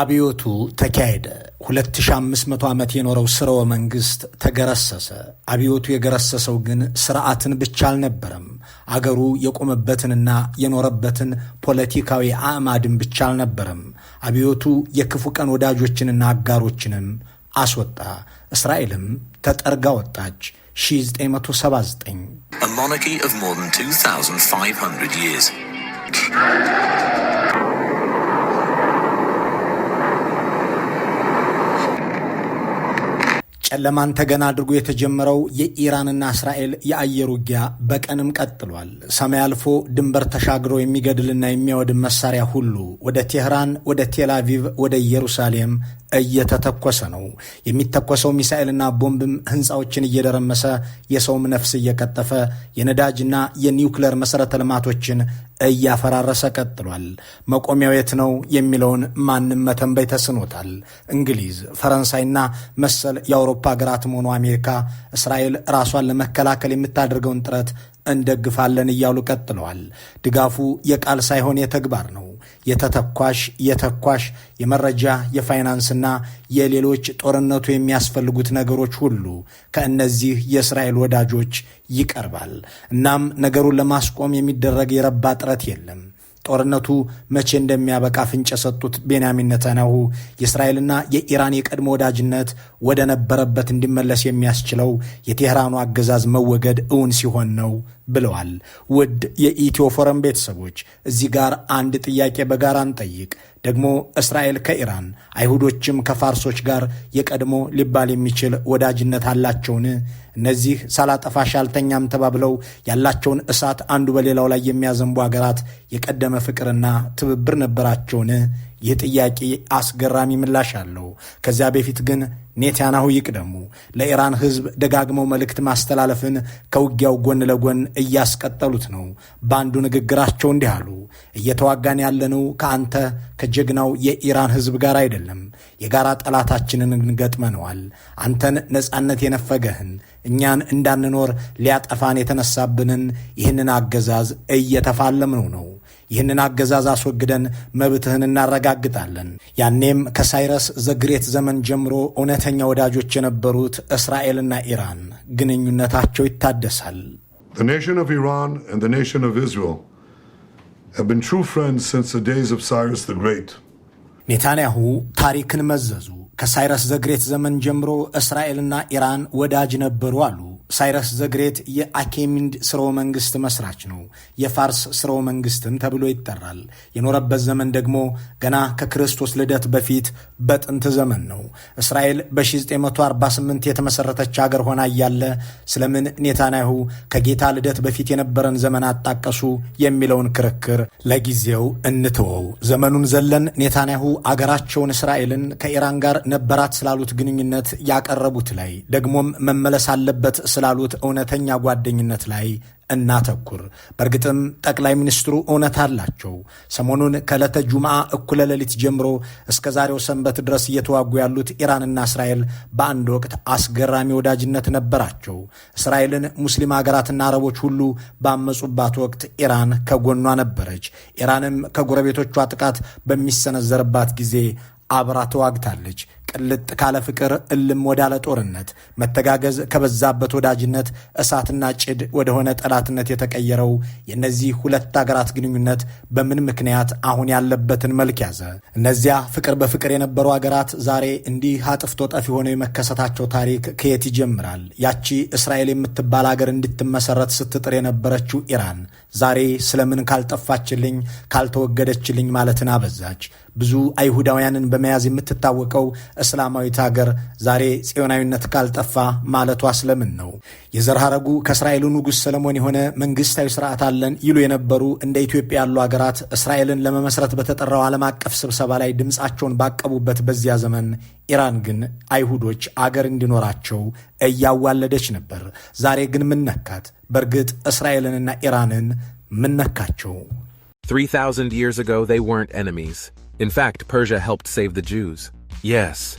አብዮቱ ተካሄደ። 2500 ዓመት የኖረው ስርወ መንግሥት ተገረሰሰ። አብዮቱ የገረሰሰው ግን ስርዓትን ብቻ አልነበረም። አገሩ የቆመበትንና የኖረበትን ፖለቲካዊ አዕማድን ብቻ አልነበረም። አብዮቱ የክፉ ቀን ወዳጆችንና አጋሮችንም አስወጣ። እስራኤልም ተጠርጋ ወጣች። 1979 a monarchy of more than 2500 years ጨለማን ተገና አድርጎ የተጀመረው የኢራንና እስራኤል የአየር ውጊያ በቀንም ቀጥሏል። ሰማይ አልፎ ድንበር ተሻግሮ የሚገድልና የሚያወድም መሳሪያ ሁሉ ወደ ቴህራን፣ ወደ ቴላቪቭ ወደ ኢየሩሳሌም እየተተኮሰ ነው። የሚተኮሰው ሚሳኤልና ቦምብም ህንፃዎችን እየደረመሰ የሰውም ነፍስ እየቀጠፈ የነዳጅና የኒውክለር መሠረተ ልማቶችን እያፈራረሰ ቀጥሏል። መቆሚያው የት ነው የሚለውን ማንም መተንበይ ተስኖታል። እንግሊዝ፣ ፈረንሳይና መሰል የአውሮፓ ሀገራት መሆኑ አሜሪካ እስራኤል ራሷን ለመከላከል የምታደርገውን ጥረት እንደግፋለን እያሉ ቀጥለዋል። ድጋፉ የቃል ሳይሆን የተግባር ነው። የተተኳሽ የተኳሽ የመረጃ የፋይናንስና የሌሎች ጦርነቱ የሚያስፈልጉት ነገሮች ሁሉ ከእነዚህ የእስራኤል ወዳጆች ይቀርባል። እናም ነገሩን ለማስቆም የሚደረግ የረባ ጥረት የለም። ጦርነቱ መቼ እንደሚያበቃ ፍንጭ የሰጡት ቤንያሚን ነታንያሁ የእስራኤልና የኢራን የቀድሞ ወዳጅነት ወደ ነበረበት እንዲመለስ የሚያስችለው የቴህራኑ አገዛዝ መወገድ እውን ሲሆን ነው ብለዋል። ውድ የኢትዮ ፎረም ቤተሰቦች እዚህ ጋር አንድ ጥያቄ በጋራ እንጠይቅ። ደግሞ እስራኤል ከኢራን አይሁዶችም ከፋርሶች ጋር የቀድሞ ሊባል የሚችል ወዳጅነት አላቸውን? እነዚህ ሳላጠፋሽ አልተኛም ተባብለው ያላቸውን እሳት አንዱ በሌላው ላይ የሚያዘንቡ ሀገራት የቀደመ ፍቅርና ትብብር ነበራቸውን? ይህ ጥያቄ አስገራሚ ምላሽ አለው። ከዚያ በፊት ግን ኔታንያሁ ይቅደሙ፣ ለኢራን ሕዝብ ደጋግመው መልእክት ማስተላለፍን ከውጊያው ጎን ለጎን እያስቀጠሉት ነው። በአንዱ ንግግራቸው እንዲህ አሉ። እየተዋጋን ያለነው ከአንተ ከጀግናው የኢራን ሕዝብ ጋር አይደለም፣ የጋራ ጠላታችንን እንገጥመነዋል። አንተን ነፃነት የነፈገህን እኛን እንዳንኖር ሊያጠፋን የተነሳብንን ይህንን አገዛዝ እየተፋለምነው ነው ይህንን አገዛዝ አስወግደን መብትህን እናረጋግጣለን። ያኔም ከሳይረስ ዘግሬት ዘመን ጀምሮ እውነተኛ ወዳጆች የነበሩት እስራኤልና ኢራን ግንኙነታቸው ይታደሳል። ኔታንያሁ ታሪክን መዘዙ። ከሳይረስ ዘግሬት ዘመን ጀምሮ እስራኤልና ኢራን ወዳጅ ነበሩ አሉ። ሳይረስ ዘግሬት የአኬሚንድ ስርወ መንግስት መስራች ነው። የፋርስ ስርወ መንግስትም ተብሎ ይጠራል። የኖረበት ዘመን ደግሞ ገና ከክርስቶስ ልደት በፊት በጥንት ዘመን ነው። እስራኤል በ1948 የተመሰረተች ሀገር ሆና እያለ ስለምን ኔታንያሁ ከጌታ ልደት በፊት የነበረን ዘመን አጣቀሱ የሚለውን ክርክር ለጊዜው እንትወው። ዘመኑን ዘለን ኔታንያሁ አገራቸውን እስራኤልን ከኢራን ጋር ነበራት ስላሉት ግንኙነት ያቀረቡት ላይ ደግሞም መመለስ አለበት ስላሉት እውነተኛ ጓደኝነት ላይ እናተኩር። በእርግጥም ጠቅላይ ሚኒስትሩ እውነት አላቸው። ሰሞኑን ከዕለተ ጁምአ እኩለ ሌሊት ጀምሮ እስከ ዛሬው ሰንበት ድረስ እየተዋጉ ያሉት ኢራንና እስራኤል በአንድ ወቅት አስገራሚ ወዳጅነት ነበራቸው። እስራኤልን ሙስሊም ሀገራትና አረቦች ሁሉ ባመፁባት ወቅት ኢራን ከጎኗ ነበረች። ኢራንም ከጎረቤቶቿ ጥቃት በሚሰነዘርባት ጊዜ አብራ ተዋግታለች። ቅልጥ ካለ ፍቅር እልም ወዳለ ጦርነት፣ መተጋገዝ ከበዛበት ወዳጅነት እሳትና ጭድ ወደሆነ ጠላትነት የተቀየረው የእነዚህ ሁለት አገራት ግንኙነት በምን ምክንያት አሁን ያለበትን መልክ ያዘ? እነዚያ ፍቅር በፍቅር የነበሩ አገራት ዛሬ እንዲህ አጥፍቶ ጠፊ ሆነው የመከሰታቸው ታሪክ ከየት ይጀምራል? ያቺ እስራኤል የምትባል አገር እንድትመሰረት ስትጥር የነበረችው ኢራን ዛሬ ስለምን ካልጠፋችልኝ ካልተወገደችልኝ ማለትን አበዛች? ብዙ አይሁዳውያንን በመያዝ የምትታወቀው እስላማዊት ሀገር ዛሬ ጽዮናዊነት ካልጠፋ ማለቷ ስለምን ነው? የዘር ሐረጉ ከእስራኤሉ ንጉሥ ሰለሞን የሆነ መንግሥታዊ ስርዓት አለን ይሉ የነበሩ እንደ ኢትዮጵያ ያሉ ሀገራት እስራኤልን ለመመስረት በተጠራው ዓለም አቀፍ ስብሰባ ላይ ድምፃቸውን ባቀቡበት በዚያ ዘመን ኢራን ግን አይሁዶች አገር እንዲኖራቸው እያዋለደች ነበር። ዛሬ ግን ምነካት? በእርግጥ እስራኤልንና ኢራንን ምነካቸው? 3000 years ago they weren't enemies In fact, Persia helped save the Jews. Yes,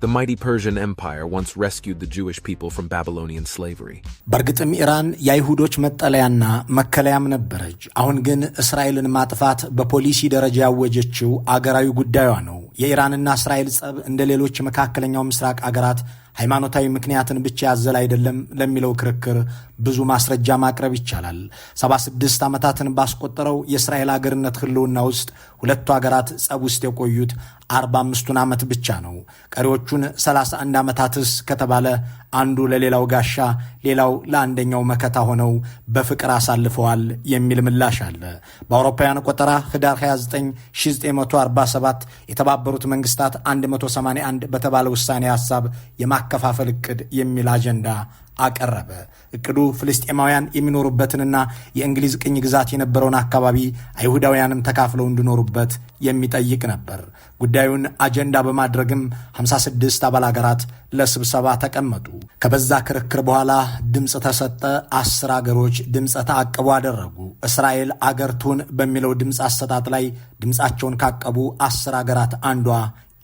the mighty Persian Empire once rescued the Jewish people from Babylonian slavery. በእርግጥም ኢራን የአይሁዶች መጠለያና መከለያም ነበረች። አሁን ግን እስራኤልን ማጥፋት በፖሊሲ ደረጃ ያወጀችው አገራዊ ጉዳዩ ነው። የኢራንና እስራኤል ጸብ እንደ ሌሎች የመካከለኛው ምስራቅ አገራት ሃይማኖታዊ ምክንያትን ብቻ ያዘል አይደለም ለሚለው ክርክር ብዙ ማስረጃ ማቅረብ ይቻላል። 76 ዓመታትን ባስቆጠረው የእስራኤል አገርነት ህልውና ውስጥ ሁለቱ አገራት ጸብ ውስጥ የቆዩት 45ቱን ዓመት ብቻ ነው። ቀሪዎቹን 31 ዓመታትስ ከተባለ አንዱ ለሌላው ጋሻ፣ ሌላው ለአንደኛው መከታ ሆነው በፍቅር አሳልፈዋል የሚል ምላሽ አለ። በአውሮፓውያን ቆጠራ ህዳር 29 1947 የተባበሩት መንግስታት 181 በተባለ ውሳኔ ሐሳብ የማከፋፈል ዕቅድ የሚል አጀንዳ አቀረበ። እቅዱ ፍልስጤማውያን የሚኖሩበትንና የእንግሊዝ ቅኝ ግዛት የነበረውን አካባቢ አይሁዳውያንም ተካፍለው እንዲኖሩበት የሚጠይቅ ነበር። ጉዳዩን አጀንዳ በማድረግም 56 አባል አገራት ለስብሰባ ተቀመጡ። ከበዛ ክርክር በኋላ ድምፅ ተሰጠ። አስር አገሮች ድምፀ ተአቅቦ አደረጉ። እስራኤል አገርቱን በሚለው ድምፅ አሰጣጥ ላይ ድምፃቸውን ካቀቡ አስር አገራት አንዷ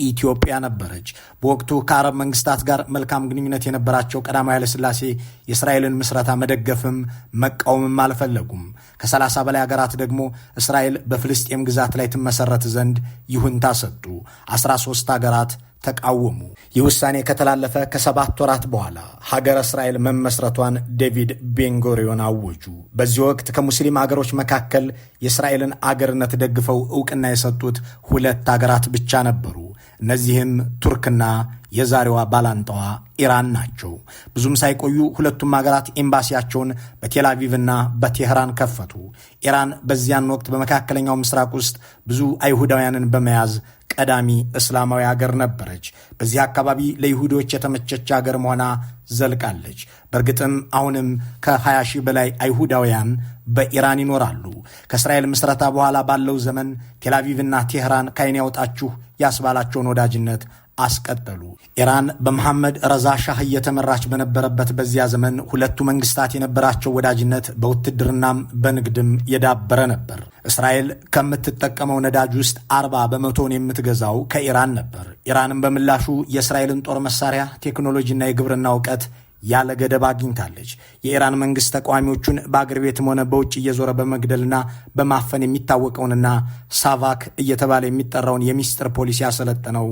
ኢትዮጵያ ነበረች። በወቅቱ ከአረብ መንግስታት ጋር መልካም ግንኙነት የነበራቸው ቀዳማዊ ኃይለሥላሴ የእስራኤልን ምስረታ መደገፍም መቃወምም አልፈለጉም። ከ30 በላይ ሀገራት ደግሞ እስራኤል በፍልስጤም ግዛት ላይ ትመሰረት ዘንድ ይሁንታ ሰጡ። 13 አገራት ሀገራት ተቃወሙ። ይህ ውሳኔ ከተላለፈ ከሰባት ወራት በኋላ ሀገረ እስራኤል መመስረቷን ዴቪድ ቤንጎሪዮን አወጁ። በዚህ ወቅት ከሙስሊም አገሮች መካከል የእስራኤልን አገርነት ደግፈው እውቅና የሰጡት ሁለት አገራት ብቻ ነበሩ። እነዚህም ቱርክና የዛሬዋ ባላንጣዋ ኢራን ናቸው። ብዙም ሳይቆዩ ሁለቱም ሀገራት ኤምባሲያቸውን በቴላቪቭና በቴህራን ከፈቱ። ኢራን በዚያን ወቅት በመካከለኛው ምስራቅ ውስጥ ብዙ አይሁዳውያንን በመያዝ ቀዳሚ እስላማዊ ሀገር ነበረች። በዚህ አካባቢ ለይሁዶች የተመቸች ሀገር መሆና ዘልቃለች። በእርግጥም አሁንም ከ20 ሺህ በላይ አይሁዳውያን በኢራን ይኖራሉ። ከእስራኤል ምስረታ በኋላ ባለው ዘመን ቴላቪቭና ቴህራን ከዓይን ያውጣችሁ ያስባላቸውን ወዳጅነት አስቀጠሉ። ኢራን በመሐመድ ረዛ ሻህ እየተመራች በነበረበት በዚያ ዘመን ሁለቱ መንግስታት የነበራቸው ወዳጅነት በውትድርናም በንግድም የዳበረ ነበር። እስራኤል ከምትጠቀመው ነዳጅ ውስጥ አርባ በመቶውን የምትገዛው ከኢራን ነበር። ኢራንም በምላሹ የእስራኤልን ጦር መሳሪያ ቴክኖሎጂና የግብርና እውቀት ያለ ገደብ አግኝታለች። የኢራን መንግስት ተቃዋሚዎቹን በአገር ቤትም ሆነ በውጭ እየዞረ በመግደልና በማፈን የሚታወቀውንና ሳቫክ እየተባለ የሚጠራውን የሚስጥር ፖሊሲ ያሰለጠነው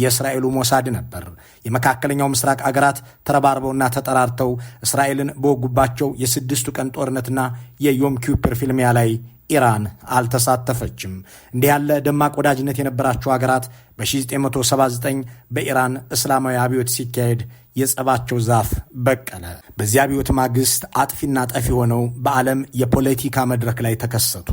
የእስራኤሉ ሞሳድ ነበር። የመካከለኛው ምስራቅ አገራት ተረባርበውና ተጠራርተው እስራኤልን በወጉባቸው የስድስቱ ቀን ጦርነትና የዮም ኪውፕር ፊልሚያ ላይ ኢራን አልተሳተፈችም። እንዲህ ያለ ደማቅ ወዳጅነት የነበራቸው ሀገራት በ1979 በኢራን እስላማዊ አብዮት ሲካሄድ የጸባቸው ዛፍ በቀለ። በዚህ አብዮት ማግስት አጥፊና ጠፊ ሆነው በዓለም የፖለቲካ መድረክ ላይ ተከሰቱ።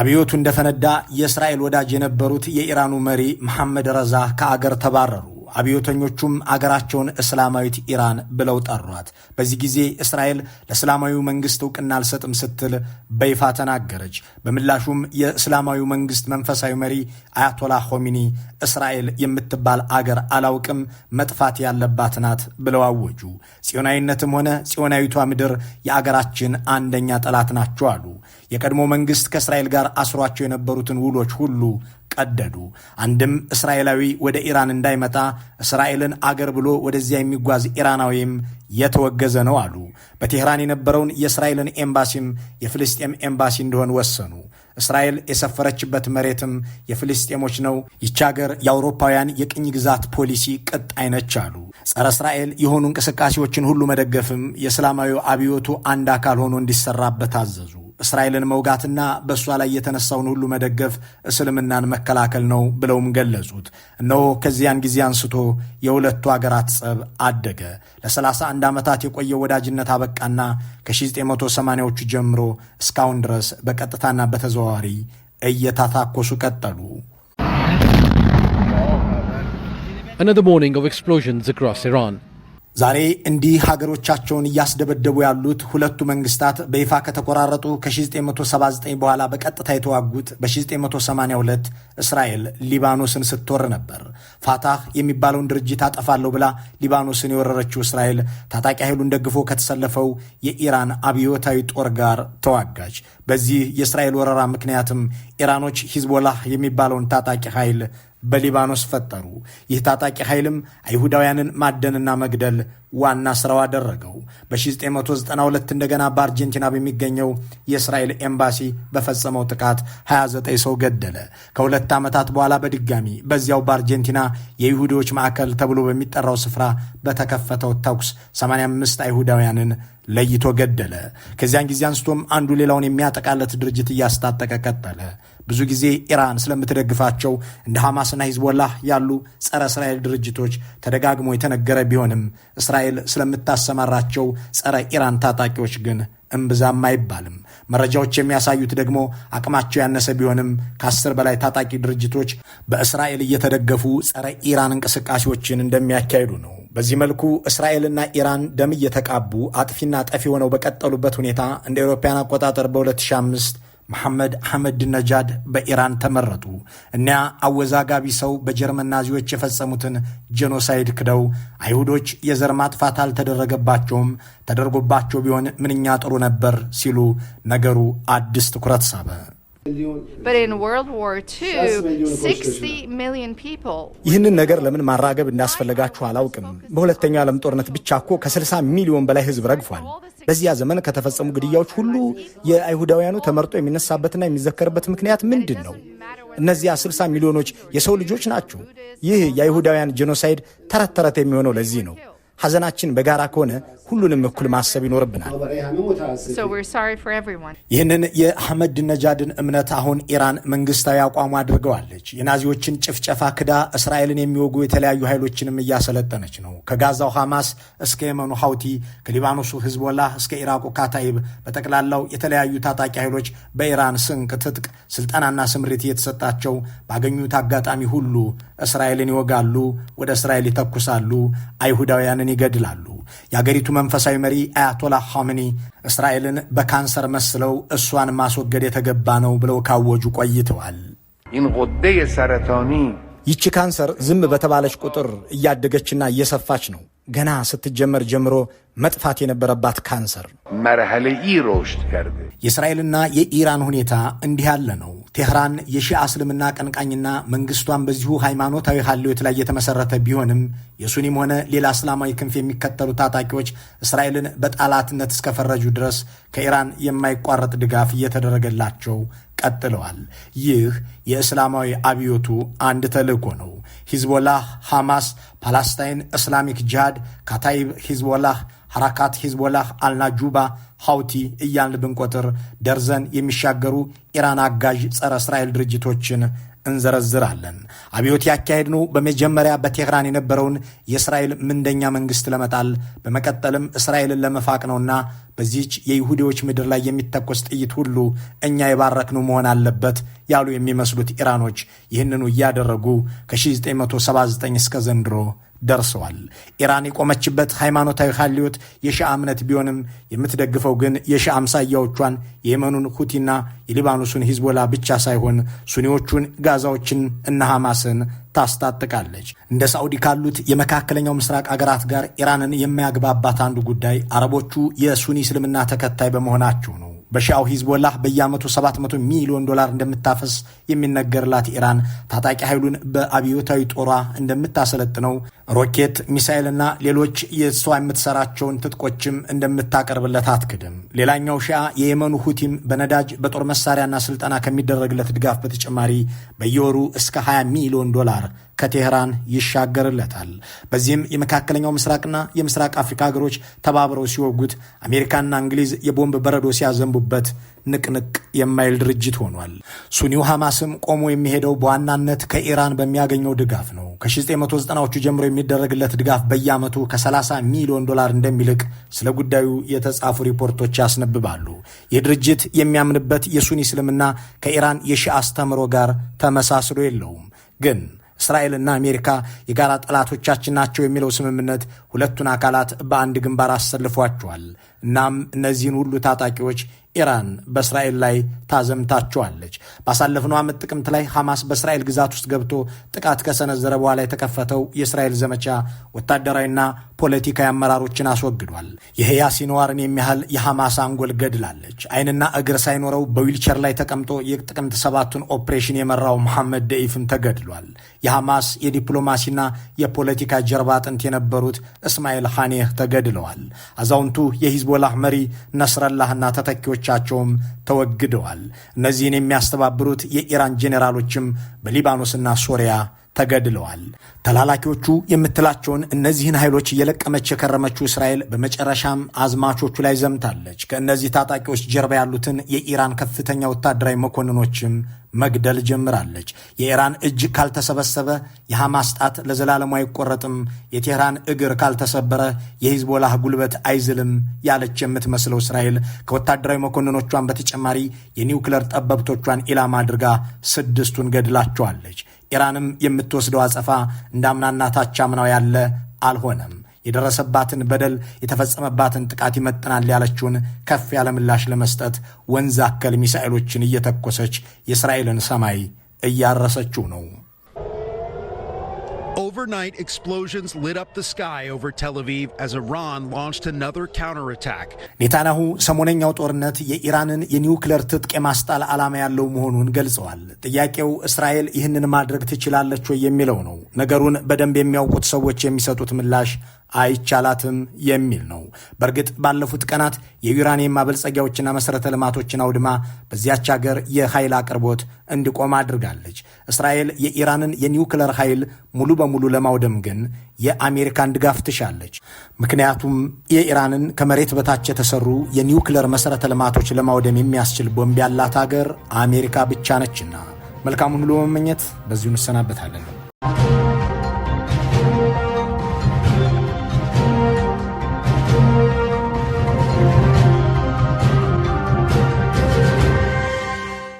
አብዮቱ እንደፈነዳ የእስራኤል ወዳጅ የነበሩት የኢራኑ መሪ መሐመድ ረዛ ከአገር ተባረሩ። አብዮተኞቹም አገራቸውን እስላማዊት ኢራን ብለው ጠሯት። በዚህ ጊዜ እስራኤል ለእስላማዊው መንግስት እውቅና አልሰጥም ስትል በይፋ ተናገረች። በምላሹም የእስላማዊው መንግስት መንፈሳዊ መሪ አያቶላ ሆሚኒ እስራኤል የምትባል አገር አላውቅም፣ መጥፋት ያለባት ናት ብለው አወጁ። ጽዮናዊነትም ሆነ ጽዮናዊቷ ምድር የአገራችን አንደኛ ጠላት ናቸው አሉ። የቀድሞ መንግስት ከእስራኤል ጋር አስሯቸው የነበሩትን ውሎች ሁሉ ቀደዱ። አንድም እስራኤላዊ ወደ ኢራን እንዳይመጣ እስራኤልን አገር ብሎ ወደዚያ የሚጓዝ ኢራናዊም የተወገዘ ነው አሉ። በቴህራን የነበረውን የእስራኤልን ኤምባሲም የፍልስጤም ኤምባሲ እንዲሆን ወሰኑ። እስራኤል የሰፈረችበት መሬትም የፍልስጤሞች ነው። ይቺ ሀገር የአውሮፓውያን የቅኝ ግዛት ፖሊሲ ቅጥ አይነች አሉ። ጸረ እስራኤል የሆኑ እንቅስቃሴዎችን ሁሉ መደገፍም የእስላማዊ አብዮቱ አንድ አካል ሆኖ እንዲሰራበት አዘዙ። እስራኤልን መውጋትና በእሷ ላይ የተነሳውን ሁሉ መደገፍ እስልምናን መከላከል ነው ብለውም ገለጹት። እነሆ ከዚያን ጊዜ አንስቶ የሁለቱ አገራት ጸብ አደገ። ለ31 ዓመታት የቆየው ወዳጅነት አበቃና ከ1980ዎቹ ጀምሮ እስካሁን ድረስ በቀጥታና በተዘዋዋሪ እየታታኮሱ ቀጠሉ። Another morning of explosions across Iran. ዛሬ እንዲህ ሀገሮቻቸውን እያስደበደቡ ያሉት ሁለቱ መንግስታት በይፋ ከተቆራረጡ ከ1979 በኋላ በቀጥታ የተዋጉት በ1982 እስራኤል ሊባኖስን ስትወር ነበር። ፋታህ የሚባለውን ድርጅት አጠፋለሁ ብላ ሊባኖስን የወረረችው እስራኤል ታጣቂ ኃይሉን ደግፎ ከተሰለፈው የኢራን አብዮታዊ ጦር ጋር ተዋጋች። በዚህ የእስራኤል ወረራ ምክንያትም ኢራኖች ሂዝቦላህ የሚባለውን ታጣቂ ኃይል በሊባኖስ ፈጠሩ። ይህ ታጣቂ ኃይልም አይሁዳውያንን ማደንና መግደል ዋና ስራው አደረገው። በ1992 እንደገና በአርጀንቲና በሚገኘው የእስራኤል ኤምባሲ በፈጸመው ጥቃት 29 ሰው ገደለ። ከሁለት ዓመታት በኋላ በድጋሚ በዚያው በአርጀንቲና የይሁዲዎች ማዕከል ተብሎ በሚጠራው ስፍራ በተከፈተው ተኩስ 85 አይሁዳውያንን ለይቶ ገደለ። ከዚያን ጊዜ አንስቶም አንዱ ሌላውን የሚያጠቃለት ድርጅት እያስታጠቀ ቀጠለ። ብዙ ጊዜ ኢራን ስለምትደግፋቸው እንደ ሐማስና ሂዝቦላህ ያሉ ጸረ እስራኤል ድርጅቶች ተደጋግሞ የተነገረ ቢሆንም እስራኤል ስለምታሰማራቸው ጸረ ኢራን ታጣቂዎች ግን እምብዛም አይባልም። መረጃዎች የሚያሳዩት ደግሞ አቅማቸው ያነሰ ቢሆንም ከአስር በላይ ታጣቂ ድርጅቶች በእስራኤል እየተደገፉ ጸረ ኢራን እንቅስቃሴዎችን እንደሚያካሂዱ ነው። በዚህ መልኩ እስራኤልና ኢራን ደም እየተቃቡ አጥፊና ጠፊ ሆነው በቀጠሉበት ሁኔታ እንደ አውሮፓውያን አቆጣጠር በ2005 መሐመድ አህመድ ነጃድ በኢራን ተመረጡ። እኒያ አወዛጋቢ ሰው በጀርመን ናዚዎች የፈጸሙትን ጄኖሳይድ ክደው አይሁዶች የዘር ማጥፋት አልተደረገባቸውም፣ ተደርጎባቸው ቢሆን ምንኛ ጥሩ ነበር ሲሉ ነገሩ አዲስ ትኩረት ሳበ። ይህንን ነገር ለምን ማራገብ እንዳስፈለጋችሁ አላውቅም። በሁለተኛው ዓለም ጦርነት ብቻ እኮ ከ60 ሚሊዮን በላይ ሕዝብ ረግፏል። በዚያ ዘመን ከተፈጸሙ ግድያዎች ሁሉ የአይሁዳውያኑ ተመርጦ የሚነሳበትና የሚዘከርበት ምክንያት ምንድን ነው? እነዚያ 60 ሚሊዮኖች የሰው ልጆች ናቸው። ይህ የአይሁዳውያን ጄኖሳይድ ተረት ተረት የሚሆነው ለዚህ ነው። ሐዘናችን በጋራ ከሆነ ሁሉንም እኩል ማሰብ ይኖርብናል። ይህንን የአህመድ ነጃድን እምነት አሁን ኢራን መንግስታዊ አቋሙ አድርገዋለች። የናዚዎችን ጭፍጨፋ ክዳ እስራኤልን የሚወጉ የተለያዩ ኃይሎችንም እያሰለጠነች ነው። ከጋዛው ሐማስ እስከ የመኑ ሐውቲ፣ ከሊባኖሱ ህዝቦላህ እስከ ኢራቁ ካታይብ በጠቅላላው የተለያዩ ታጣቂ ኃይሎች በኢራን ስንቅ፣ ትጥቅ፣ ስልጠናና ስምሪት እየተሰጣቸው ባገኙት አጋጣሚ ሁሉ እስራኤልን ይወጋሉ፣ ወደ እስራኤል ይተኩሳሉ፣ አይሁዳውያንን እስራኤልን ይገድላሉ። የአገሪቱ መንፈሳዊ መሪ አያቶላ ሐምኒ እስራኤልን በካንሰር መስለው እሷን ማስወገድ የተገባ ነው ብለው ካወጁ ቆይተዋል። ይቺ ካንሰር ዝም በተባለች ቁጥር እያደገችና እየሰፋች ነው። ገና ስትጀመር ጀምሮ መጥፋት የነበረባት ካንሰር ከርድ የእስራኤልና የኢራን ሁኔታ እንዲህ ያለ ነው። ቴህራን የሺአ እስልምና ቀንቃኝና መንግስቷን በዚሁ ሃይማኖታዊ ሀልዮት ላይ የተመሰረተ ቢሆንም የሱኒም ሆነ ሌላ እስላማዊ ክንፍ የሚከተሉ ታጣቂዎች እስራኤልን በጠላትነት እስከፈረጁ ድረስ ከኢራን የማይቋረጥ ድጋፍ እየተደረገላቸው ቀጥለዋል። ይህ የእስላማዊ አብዮቱ አንድ ተልእኮ ነው። ሂዝቦላህ፣ ሐማስ፣ ፓላስታይን፣ እስላሚክ ጂሃድ፣ ካታይብ ሂዝቦላህ ሐራካት ሂዝቦላህ፣ አልናጁባ፣ ሐውቲ እያልን ብንቆጥር ደርዘን የሚሻገሩ ኢራን አጋዥ ጸረ እስራኤል ድርጅቶችን እንዘረዝራለን። አብዮት ያካሄድነው በመጀመሪያ በቴህራን የነበረውን የእስራኤል ምንደኛ መንግስት ለመጣል በመቀጠልም እስራኤልን ለመፋቅ ነውና በዚች የይሁዲዎች ምድር ላይ የሚተኮስ ጥይት ሁሉ እኛ የባረክነው መሆን አለበት ያሉ የሚመስሉት ኢራኖች ይህንኑ እያደረጉ ከ1979 እስከ ዘንድሮ ደርሰዋል። ኢራን የቆመችበት ሃይማኖታዊ ሀልዮት የሺአ እምነት ቢሆንም የምትደግፈው ግን የሺአ አምሳያዎቿን የየመኑን ሁቲና የሊባኖሱን ሂዝቦላ ብቻ ሳይሆን ሱኒዎቹን ጋዛዎችን እና ሐማስን ታስታጥቃለች። እንደ ሳዑዲ ካሉት የመካከለኛው ምስራቅ አገራት ጋር ኢራንን የማያግባባት አንዱ ጉዳይ አረቦቹ የሱኒ እስልምና ተከታይ በመሆናቸው ነው። በሺያው ሂዝቦላህ በየዓመቱ 700 ሚሊዮን ዶላር እንደምታፈስ የሚነገርላት ኢራን ታጣቂ ኃይሉን በአብዮታዊ ጦሯ እንደምታሰለጥነው ሮኬት፣ ሚሳይልና ሌሎች የእሷ የምትሰራቸውን ትጥቆችም እንደምታቀርብለት አትክድም። ሌላኛው ሺያ የየመኑ ሁቲም በነዳጅ በጦር መሳሪያና ስልጠና ከሚደረግለት ድጋፍ በተጨማሪ በየወሩ እስከ 20 ሚሊዮን ዶላር ከቴህራን ይሻገርለታል። በዚህም የመካከለኛው ምስራቅና የምስራቅ አፍሪካ ሀገሮች ተባብረው ሲወጉት፣ አሜሪካና እንግሊዝ የቦምብ በረዶ ሲያዘንቡበት ንቅንቅ የማይል ድርጅት ሆኗል። ሱኒው ሐማስም ቆሞ የሚሄደው በዋናነት ከኢራን በሚያገኘው ድጋፍ ነው። ከ1990ዎቹ ጀምሮ የሚደረግለት ድጋፍ በየዓመቱ ከ30 ሚሊዮን ዶላር እንደሚልቅ ስለ ጉዳዩ የተጻፉ ሪፖርቶች ያስነብባሉ። ይህ ድርጅት የሚያምንበት የሱኒ እስልምና ከኢራን የሺ አስተምሮ ጋር ተመሳስሎ የለውም ግን እስራኤልና አሜሪካ የጋራ ጠላቶቻችን ናቸው የሚለው ስምምነት ሁለቱን አካላት በአንድ ግንባር አሰልፏቸዋል። እናም እነዚህን ሁሉ ታጣቂዎች ኢራን በእስራኤል ላይ ታዘምታቸዋለች። ባሳለፍነው ዓመት ጥቅምት ላይ ሐማስ በእስራኤል ግዛት ውስጥ ገብቶ ጥቃት ከሰነዘረ በኋላ የተከፈተው የእስራኤል ዘመቻ ወታደራዊና ፖለቲካዊ አመራሮችን አስወግዷል። የህያ ሲንዋርን የሚያህል የሐማስ አንጎል ገድላለች። አይንና እግር ሳይኖረው በዊልቸር ላይ ተቀምጦ የጥቅምት ሰባቱን ኦፕሬሽን የመራው መሐመድ ደኢፍም ተገድሏል። የሐማስ የዲፕሎማሲና የፖለቲካ ጀርባ አጥንት የነበሩት እስማኤል ሐኔህ ተገድለዋል። አዛውንቱ የሂዝቦላህ መሪ ነስረላህና ተተኪዎቻቸውም ተወግደዋል። እነዚህን የሚያስተባብሩት የኢራን ጄኔራሎችም በሊባኖስና ሶሪያ ተገድለዋል። ተላላኪዎቹ የምትላቸውን እነዚህን ኃይሎች እየለቀመች የከረመችው እስራኤል በመጨረሻም አዝማቾቹ ላይ ዘምታለች። ከእነዚህ ታጣቂዎች ጀርባ ያሉትን የኢራን ከፍተኛ ወታደራዊ መኮንኖችም መግደል ጀምራለች። የኢራን እጅ ካልተሰበሰበ የሐማስ ጣት ለዘላለሙ አይቆረጥም፣ የቴህራን እግር ካልተሰበረ የሂዝቦላህ ጉልበት አይዝልም ያለች የምትመስለው እስራኤል ከወታደራዊ መኮንኖቿን በተጨማሪ የኒውክለር ጠበብቶቿን ኢላማ አድርጋ ስድስቱን ገድላቸዋለች። ኢራንም የምትወስደው አጸፋ እንደ አምናና ያለ አልሆነም። የደረሰባትን በደል የተፈጸመባትን ጥቃት ይመጥናል ያለችውን ከፍ ያለ ምላሽ ለመስጠት ወንዝ አከል ሚሳኤሎችን እየተኮሰች የእስራኤልን ሰማይ እያረሰችው ነው። Overnight, explosions lit up the sky over Tel Aviv as Iran launched another counterattack. ኔታንያሁ ሰሞነኛው ጦርነት የኢራንን የኒውክሌር ትጥቅ የማስጣል ዓላማ ያለው መሆኑን ገልጸዋል። ጥያቄው እስራኤል ይህንን ማድረግ ትችላለች ወይ የሚለው ነው። ነገሩን በደንብ የሚያውቁት ሰዎች የሚሰጡት ምላሽ አይቻላትም የሚል ነው። በእርግጥ ባለፉት ቀናት የዩራኒየም ማበልጸጊያዎችና መሠረተ ልማቶችን አውድማ በዚያች ሀገር የኃይል አቅርቦት እንዲቆም አድርጋለች። እስራኤል የኢራንን የኒውክሌር ኃይል ሙሉ በሙሉ ለማውደም ግን የአሜሪካን ድጋፍ ትሻለች። ምክንያቱም የኢራንን ከመሬት በታች የተሰሩ የኒውክለር መሠረተ ልማቶች ለማውደም የሚያስችል ቦምብ ያላት አገር አሜሪካ ብቻ ነችና። መልካሙን ሁሉ መመኘት በዚሁ እንሰናበታለን።